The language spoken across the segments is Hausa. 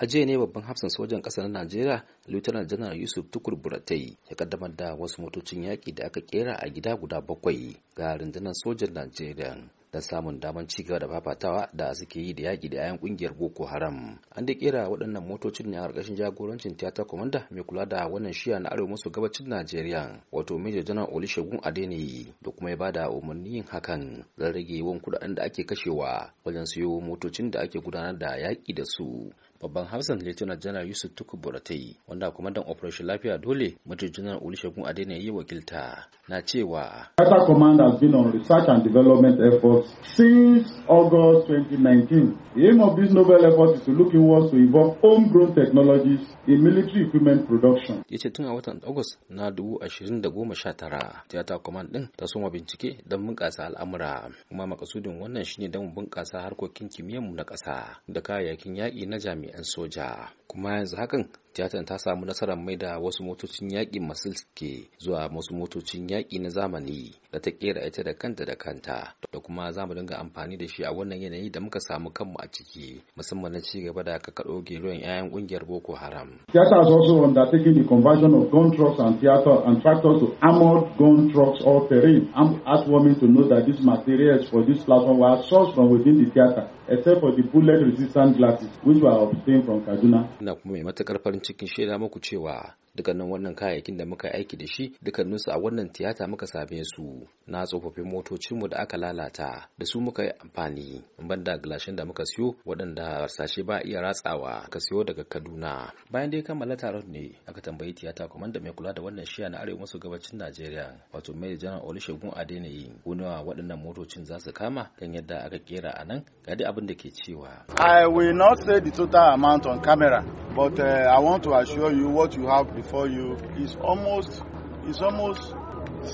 a jiya ne babban hafsan sojan ƙasa na najeriya lieutenant general yusuf tukur buratai ya kaddamar da wasu motocin yaƙi da aka kera a gida guda bakwai ga rundunar sojan najeriya don samun daman cigaba da fafatawa da suke yi da yaƙi da 'ya'yan ƙungiyar boko haram an da kera waɗannan motocin ne a ƙarƙashin jagorancin tiyatar komanda mai kula da wannan shiya na arewa maso gabacin najeriya wato major general olusegun adeniyi da kuma ya ba da umarni yin hakan don rage yawan kuɗaɗen da ake kashewa wajen siyo motocin da ake gudanar da yaƙi da su babban hafsan lieutenant janar yusuf tuku buratai wanda kwamandan operation lafiya dole major general olusegun adena yi wakilta na cewa Delta Command has been on research and development efforts since August 2019. The aim of this novel effort is to look inwards to evolve homegrown technologies in military equipment production. Ya ce tun a watan August na 2019, tiyata Command din ta soma bincike don bunƙasa al'amura. Kuma makasudin wannan shine don bunƙasa harkokin kimiyyar mu na ƙasa da kayayyakin yaƙi na jami'a. jami'an soja kuma yanzu hakan tiyatar ta samu nasarar mai da wasu motocin yaƙi masu ke zuwa wasu motocin yaƙi na zamani da ta kera ita da kanta da kanta da kuma za mu dinga amfani da shi a wannan yanayi da muka samu kanmu a ciki musamman na cigaba da kakaɗo geron 'ya'yan ƙungiyar boko haram. Theater has also undertaken the conversion of gun trucks and theater and tractors to armored gun trucks all terrain. I'm heartwarming to know that these materials for this platform were sourced from within the theater except for the bullet resistant glasses which were obtained from Kaduna. ina kuma mai matakar farin cikin shaida muku cewa dukkanin wannan kayayyakin da muka aiki da shi dukkaninsu a wannan tiyata muka same su na tsofaffin motocinmu da aka lalata da su muka yi amfani ban da gilashin da muka siyo waɗanda harsashe ba iya ratsawa ka siyo daga kaduna bayan dai kammala taron ne aka tambayi tiyata kwamanda mai kula da wannan shiya na arewa maso gabacin najeriya wato mai janar olusegun adeniyi gonawa waɗannan motocin za su kama kan yadda aka kera a nan ga abin da ke cewa i will not say the total amount on camera But uh, I want to assure you what you have before you is almost is almost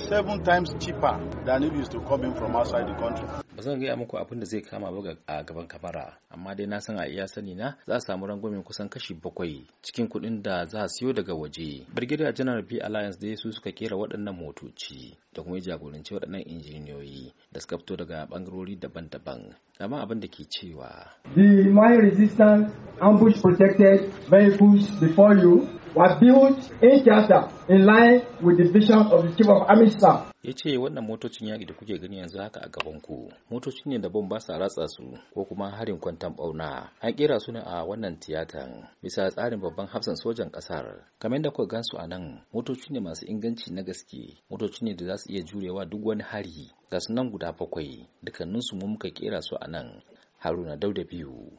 seven times cheaper than it is to come in from outside the country. ba zan gaya muku abin da zai kama ba a gaban kamara amma dai na san a iya sani na za a samu rangwamen kusan kashi bakwai cikin kuɗin da za a siyo daga waje brigadier general b alliance dai su suka kera waɗannan motoci da kuma jagoranci waɗannan injiniyoyi da suka fito daga bangarori daban-daban amma abin da ke cewa the my resistance ambush protected vehicles before you were built in Gaza in line with the vision of the Chief of Army Staff. ya ce wannan motocin yaƙi da kuke gani yanzu haka a gaban ku motocin ne da ban sa ratsa su ko kuma harin kwantan bauna an kera su ne a wannan tiyatan bisa tsarin babban hafsan sojan ƙasar kamar da kuka gansu a nan motocin ne masu inganci na gaske Motocin ne da za su iya jurewa duk wani hari ga su nan guda bakwai dukkaninsu mu muka kera su a nan haruna dauda biyu